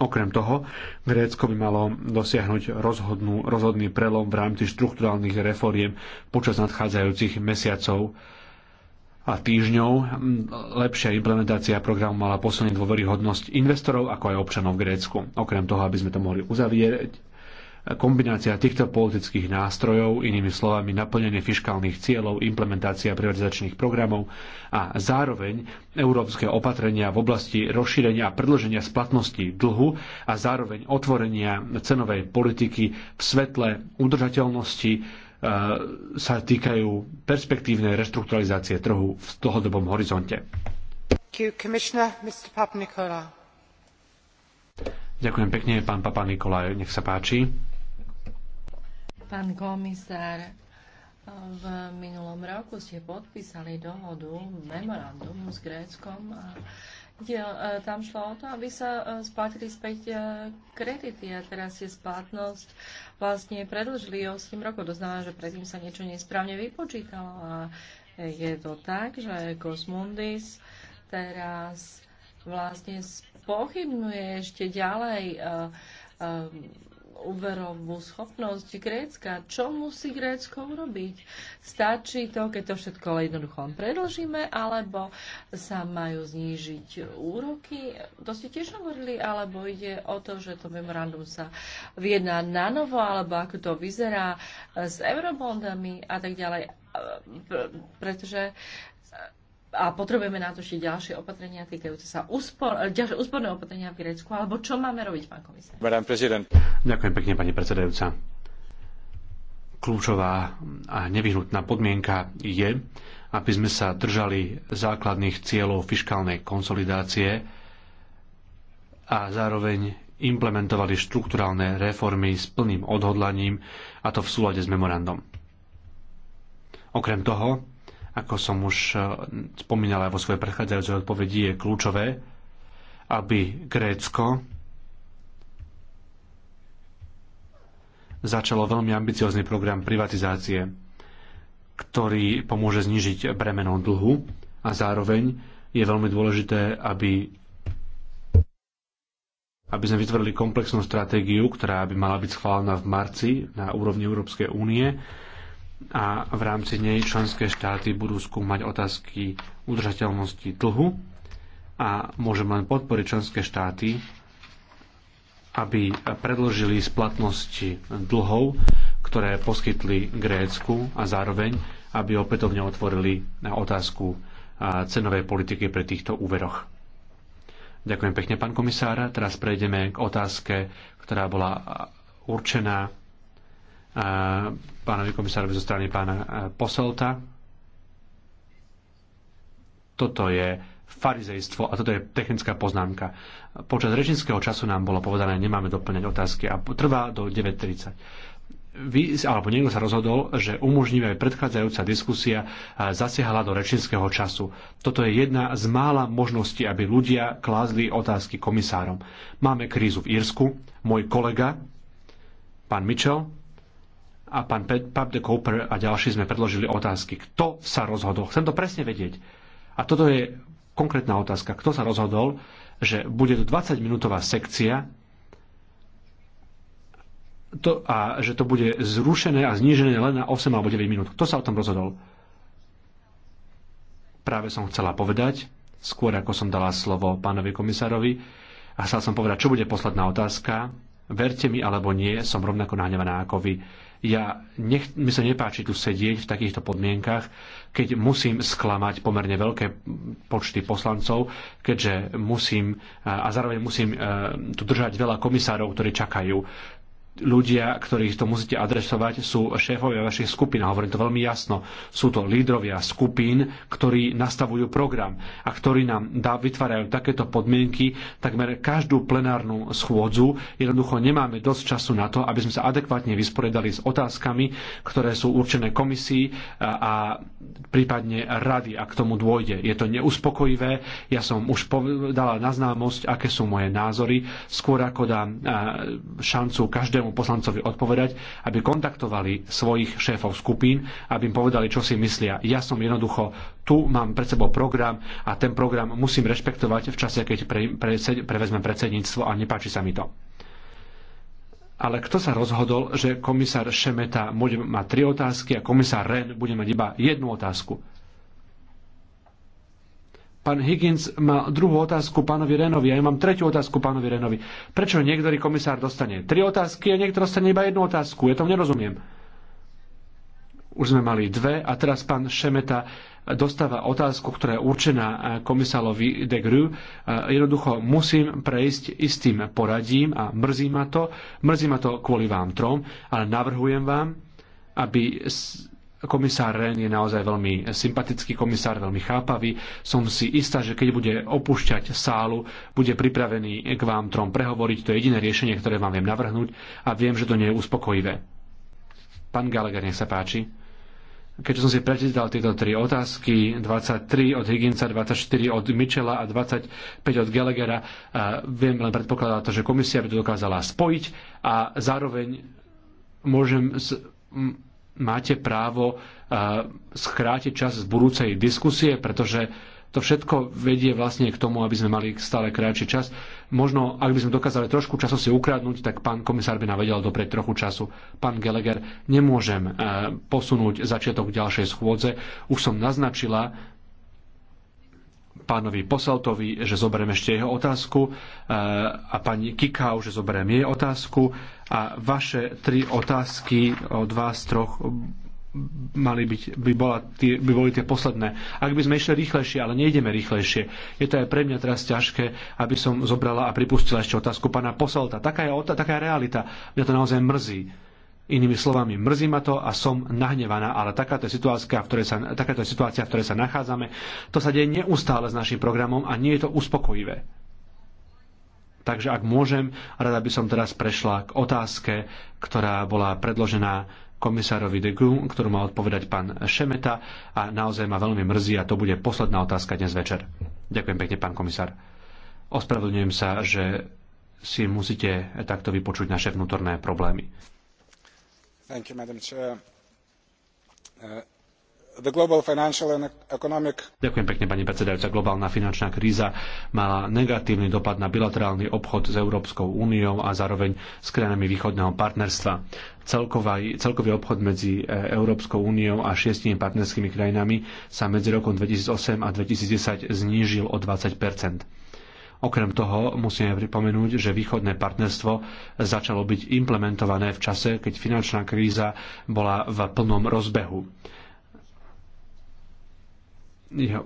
Okrem toho, Grécko by malo dosiahnuť rozhodnú, rozhodný prelom v rámci štrukturálnych reforiem počas nadchádzajúcich mesiacov a týždňov. Lepšia implementácia programu mala posunieť dôveryhodnosť investorov ako aj občanov v Grécku. Okrem toho, aby sme to mohli uzavrieť, kombinácia týchto politických nástrojov, inými slovami naplnenie fiskálnych cieľov, implementácia privatizačných programov a zároveň európske opatrenia v oblasti rozšírenia a predloženia splatnosti dlhu a zároveň otvorenia cenovej politiky v svetle udržateľnosti e, sa týkajú perspektívnej reštrukturalizácie trhu v dlhodobom horizonte. Ďakujem pekne, pán Papa Nikolaj, nech sa páči. Pán komisár, v minulom roku ste podpísali dohodu, memorandum s Gréckom a e, tam šlo o to, aby sa e, splatili späť e, kredity a teraz je splatnosť vlastne predlžili o 8 rokov. To znamená, že predtým sa niečo nesprávne vypočítalo a je to tak, že Cosmundis teraz vlastne pochybnuje ešte ďalej úverovú schopnosť Grécka. Čo musí Grécko urobiť? Stačí to, keď to všetko jednoducho predlžíme, alebo sa majú znížiť úroky? To ste tiež hovorili, alebo ide o to, že to memorandum sa vyjedná na novo, alebo ako to vyzerá s eurobondami a tak ďalej. Pretože a potrebujeme na to ešte ďalšie opatrenia týkajúce sa úspor, e, ďalšie úsporné opatrenia v Grécku, alebo čo máme robiť, pán komisár? Ďakujem pekne, pani predsedajúca. Kľúčová a nevyhnutná podmienka je, aby sme sa držali základných cieľov fiskálnej konsolidácie a zároveň implementovali štrukturálne reformy s plným odhodlaním, a to v súlade s memorandom. Okrem toho, ako som už e, spomínala vo svojej predchádzajúcej odpovedi, je kľúčové, aby Grécko začalo veľmi ambiciózny program privatizácie, ktorý pomôže znižiť bremeno dlhu a zároveň je veľmi dôležité, aby aby sme vytvorili komplexnú stratégiu, ktorá by mala byť schválená v marci na úrovni Európskej únie a v rámci nej členské štáty budú skúmať otázky udržateľnosti dlhu a môžem len podporiť členské štáty, aby predložili splatnosti dlhov, ktoré poskytli Grécku a zároveň, aby opätovne otvorili na otázku cenovej politiky pri týchto úveroch. Ďakujem pekne, pán komisár. Teraz prejdeme k otázke, ktorá bola určená pánovi komisárovi zo strany pána e, Posolta. Toto je farizejstvo a toto je technická poznámka. Počas rečníckého času nám bolo povedané, nemáme doplňať otázky a trvá do 9.30 vy, alebo niekto sa rozhodol, že umožníme aj predchádzajúca diskusia e, zasiahla do rečníckého času. Toto je jedna z mála možností, aby ľudia klázli otázky komisárom. Máme krízu v Írsku. Môj kolega, pán Mitchell, a pán Pap de Cooper a ďalší sme predložili otázky. Kto sa rozhodol? Chcem to presne vedieť. A toto je konkrétna otázka. Kto sa rozhodol, že bude to 20-minútová sekcia to, a že to bude zrušené a znížené len na 8 alebo 9 minút. Kto sa o tom rozhodol? Práve som chcela povedať, skôr ako som dala slovo pánovi komisárovi, a chcela som povedať, čo bude posledná otázka. Verte mi alebo nie, som rovnako nahnevaná ako vy. Ja nech, mi sa nepáči tu sedieť v takýchto podmienkach, keď musím sklamať pomerne veľké počty poslancov, keďže musím a zároveň musím e, tu držať veľa komisárov, ktorí čakajú ľudia, ktorých to musíte adresovať, sú šéfovia vašich skupín. A hovorím to veľmi jasno. Sú to lídrovia skupín, ktorí nastavujú program a ktorí nám dá, vytvárajú takéto podmienky. Takmer každú plenárnu schôdzu jednoducho nemáme dosť času na to, aby sme sa adekvátne vysporiadali s otázkami, ktoré sú určené komisii a, a prípadne rady, ak tomu dôjde. Je to neuspokojivé. Ja som už povedala na známosť, aké sú moje názory. Skôr ako dám šancu každému každému poslancovi odpovedať, aby kontaktovali svojich šéfov skupín, aby im povedali, čo si myslia. Ja som jednoducho tu, mám pred sebou program a ten program musím rešpektovať v čase, keď pre, pre, prevezmem predsedníctvo a nepáči sa mi to. Ale kto sa rozhodol, že komisár Šemeta bude mať tri otázky a komisár Ren bude mať iba jednu otázku? Pán Higgins má druhú otázku pánovi Renovi a ja mám tretiu otázku pánovi Renovi. Prečo niektorý komisár dostane tri otázky a niektorý dostane iba jednu otázku? Ja to nerozumiem. Už sme mali dve a teraz pán Šemeta dostáva otázku, ktorá je určená eh, komisárovi de Gru. Eh, jednoducho musím prejsť istým poradím a mrzí ma to. Mrzí ma to kvôli vám trom, ale navrhujem vám, aby Komisár Ren je naozaj veľmi sympatický komisár, veľmi chápavý. Som si istá, že keď bude opúšťať sálu, bude pripravený k vám trom prehovoriť. To je jediné riešenie, ktoré vám viem navrhnúť a viem, že to nie je uspokojivé. Pán Gallagher, nech sa páči. Keď som si prečítal tieto tri otázky, 23 od Higginsa, 24 od Michela a 25 od Gallaghera, viem len predpokladať to, že komisia by to dokázala spojiť a zároveň môžem máte právo eh, skrátiť čas z budúcej diskusie, pretože to všetko vedie vlastne k tomu, aby sme mali stále krajší čas. Možno, ak by sme dokázali trošku času si ukradnúť, tak pán komisár by nám vedel dopreť trochu času. Pán Geleger, nemôžem eh, posunúť začiatok ďalšej schôdze. Už som naznačila, pánovi Posaltovi, že zoberiem ešte jeho otázku e, a pani Kikau, že zoberiem jej otázku a vaše tri otázky od vás troch mali byť, by, bola tie, by boli tie posledné. Ak by sme išli rýchlejšie, ale nejdeme rýchlejšie, je to aj pre mňa teraz ťažké, aby som zobrala a pripustila ešte otázku pána Posalta. Taká je, taká je realita. Mňa to naozaj mrzí Inými slovami, mrzí ma to a som nahnevaná, ale takáto je situácia, v ktorej sa, takáto je situácia, v ktorej sa nachádzame. To sa deje neustále s našim programom a nie je to uspokojivé. Takže ak môžem, rada by som teraz prešla k otázke, ktorá bola predložená komisárovi de Gru, ktorú má odpovedať pán Šemeta a naozaj ma veľmi mrzí a to bude posledná otázka dnes večer. Ďakujem pekne, pán komisár. Ospravedlňujem sa, že si musíte takto vypočuť naše vnútorné problémy. Uh, uh, Ďakujem pekne, pani predsedajúca. Globálna finančná kríza mala negatívny dopad na bilaterálny obchod s Európskou úniou a zároveň s krajinami východného partnerstva. Celkový, celkový obchod medzi e, Európskou úniou a šiestimi partnerskými krajinami sa medzi rokom 2008 a 2010 znížil o 20 Okrem toho musíme pripomenúť, že východné partnerstvo začalo byť implementované v čase, keď finančná kríza bola v plnom rozbehu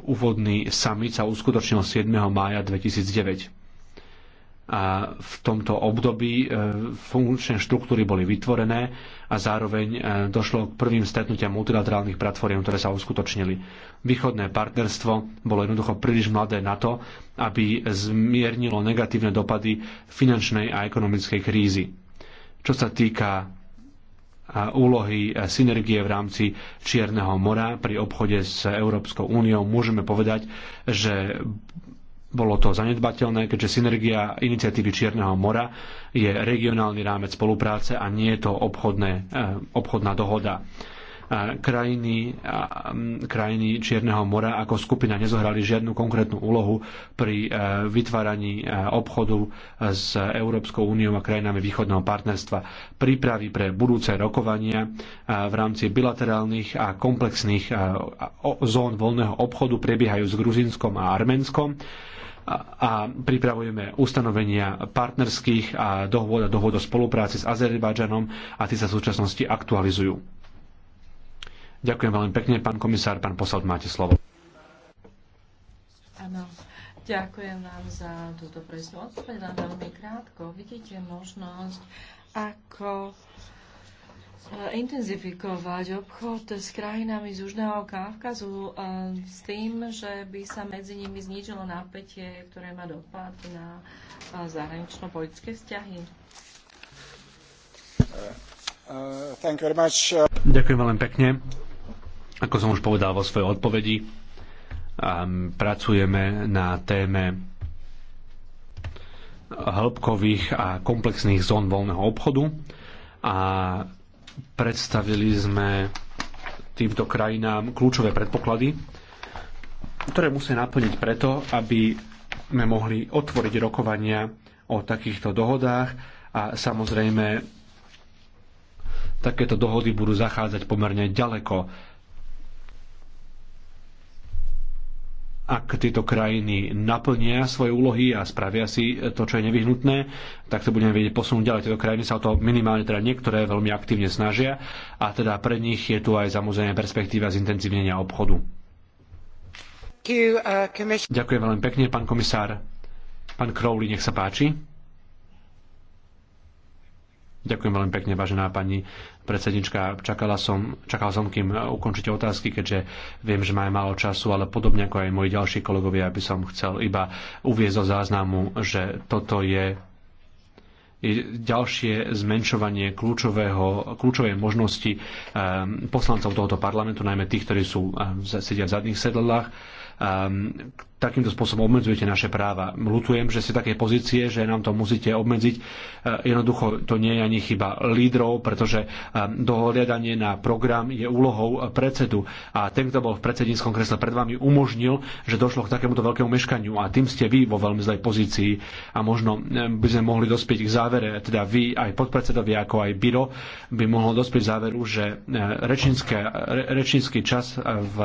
úvodný summit sa uskutočnil 7. mája 2009 a v tomto období e, funkčné štruktúry boli vytvorené a zároveň e, došlo k prvým stretnutiam multilaterálnych platform, ktoré sa uskutočnili. Východné partnerstvo bolo jednoducho príliš mladé na to, aby zmiernilo negatívne dopady finančnej a ekonomickej krízy. Čo sa týka e, úlohy synergie v rámci Čierneho mora pri obchode s Európskou úniou, môžeme povedať, že bolo to zanedbateľné, keďže synergia iniciatívy Čierneho mora je regionálny rámec spolupráce a nie je to obchodné, eh, obchodná dohoda krajiny, krajiny Čierneho mora ako skupina nezohrali žiadnu konkrétnu úlohu pri eh, vytváraní eh, obchodu s Európskou úniou a krajinami východného partnerstva. Prípravy pre budúce rokovania v rámci bilaterálnych a komplexných zón voľného obchodu prebiehajú s Gruzinskom a Arménskom a pripravujeme ustanovenia partnerských a dohôd a dohôd o spolupráci s Azerbajdžanom a tie sa v súčasnosti aktualizujú. Ďakujem veľmi pekne, pán komisár, pán posol, máte slovo. Áno, ďakujem vám za túto presnú odpoveď, veľmi krátko. Vidíte možnosť, ako intenzifikovať obchod s krajinami z Južného Kávkazu e, s tým, že by sa medzi nimi znížilo napätie, ktoré má dopad na e, zahranično-politické vzťahy. Ďakujem veľmi pekne. Ako som už povedal vo svojej odpovedi, pracujeme na téme hĺbkových a komplexných zón voľného obchodu a Predstavili sme týmto krajinám kľúčové predpoklady, ktoré musia naplniť preto, aby sme mohli otvoriť rokovania o takýchto dohodách a samozrejme takéto dohody budú zachádzať pomerne ďaleko ak tieto krajiny naplnia svoje úlohy a spravia si to, čo je nevyhnutné, tak to budeme vedieť posunúť ďalej. Tieto krajiny sa o to minimálne, teda niektoré veľmi aktívne snažia a teda pre nich je tu aj samozrejme perspektíva zintenzívnenia obchodu. Uh, Ďakujem veľmi pekne, pán komisár. Pán Crowley, nech sa páči. Ďakujem veľmi pekne, vážená pani predsednička. Čakala som, čakal som, kým ukončíte otázky, keďže viem, že máme málo času, ale podobne ako aj moji ďalší kolegovia, by som chcel iba uviezť do záznamu, že toto je ďalšie zmenšovanie kľúčového, kľúčovej možnosti eh, poslancov tohoto parlamentu, najmä tých, ktorí sú, eh, sedia v zadných sedlách, ehm, takýmto spôsobom obmedzujete naše práva. Lutujem, že ste také pozície, že nám to musíte obmedziť. E, jednoducho to nie je ani chyba lídrov, pretože e, dohľadanie na program je úlohou predsedu. A ten, kto bol v predsedníckom kresle pred vami, umožnil, že došlo k takémuto veľkému meškaniu a tým ste vy vo veľmi zlej pozícii a možno e, by sme mohli dospieť k závere, teda vy aj podpredsedovia ako aj Biro by mohlo dospieť k záveru, že rečnícky čas v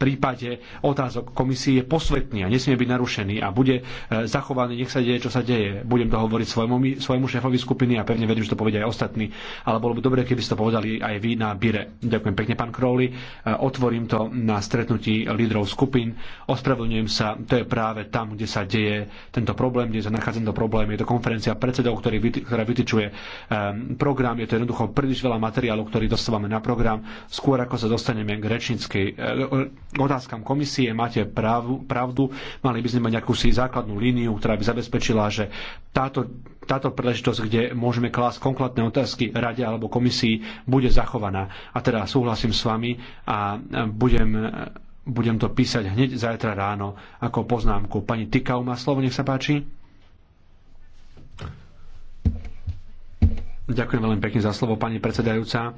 prípade otázok komisie je posvetný a nesmie byť narušený a bude e, zachovaný, nech sa deje, čo sa deje. Budem to hovoriť svojmu, svojmu šéfovi skupiny a pevne verím, že to povedia aj ostatní, ale bolo by dobre, keby ste to povedali aj vy na Bire. Ďakujem pekne, pán Crowley. E, otvorím to na stretnutí lídrov skupín. Ospravedlňujem sa, to je práve tam, kde sa deje tento problém, kde sa nachádza tento problém. Je to konferencia predsedov, ktorý, ktorá vytyčuje e, program. Je to jednoducho príliš veľa materiálu, ktorý dostávame na program. Skôr ako sa dostaneme k rečníckej otázkam komisie, máte pravdu, Mali by sme mať si základnú líniu, ktorá by zabezpečila, že táto, táto príležitosť, kde môžeme klásť konkrétne otázky rade alebo komisii, bude zachovaná. A teda súhlasím s vami a budem budem to písať hneď zajtra ráno ako poznámku. Pani Tykau má slovo, nech sa páči. Ďakujem veľmi pekne za slovo, pani predsedajúca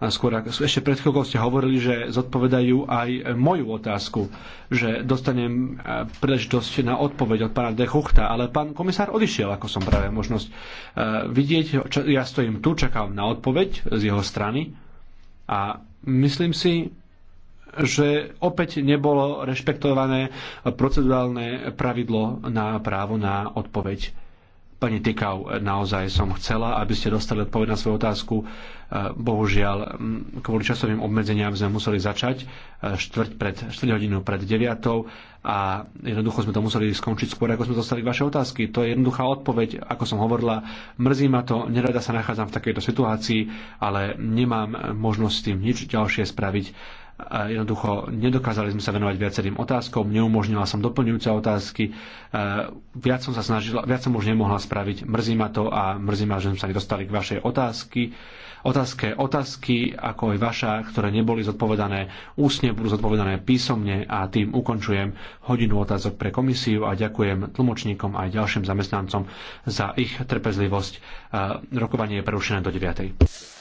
skôr ešte pred chvíľkou ste hovorili, že zodpovedajú aj moju otázku, že dostanem e, príležitosť na odpoveď od pána Dechuchta, ale pán komisár odišiel, ako som práve možnosť e, vidieť. Ja stojím tu, čakám na odpoveď z jeho strany a myslím si, že opäť nebolo rešpektované procedurálne pravidlo na právo na odpoveď Pani Tikau, naozaj som chcela, aby ste dostali odpoveď na svoju otázku. E, bohužiaľ, kvôli časovým obmedzeniam sme museli začať e, štvrť, pred, štvrť hodinu pred deviatou a jednoducho sme to museli skončiť skôr, ako sme dostali vaše otázky. To je jednoduchá odpoveď, ako som hovorila. Mrzí ma to, nerada sa nachádzam v takejto situácii, ale nemám možnosť s tým nič ďalšie spraviť Jednoducho nedokázali sme sa venovať viacerým otázkom, neumožnila som doplňujúce otázky, e, viac som sa snažila, viac som už nemohla spraviť. Mrzí ma to a mrzí ma, že sme sa nedostali k vašej otázky. Otázke, otázky, ako aj vaša, ktoré neboli zodpovedané úsne, budú zodpovedané písomne a tým ukončujem hodinu otázok pre komisiu a ďakujem tlmočníkom aj ďalším zamestnancom za ich trpezlivosť. E, rokovanie je prerušené do 9.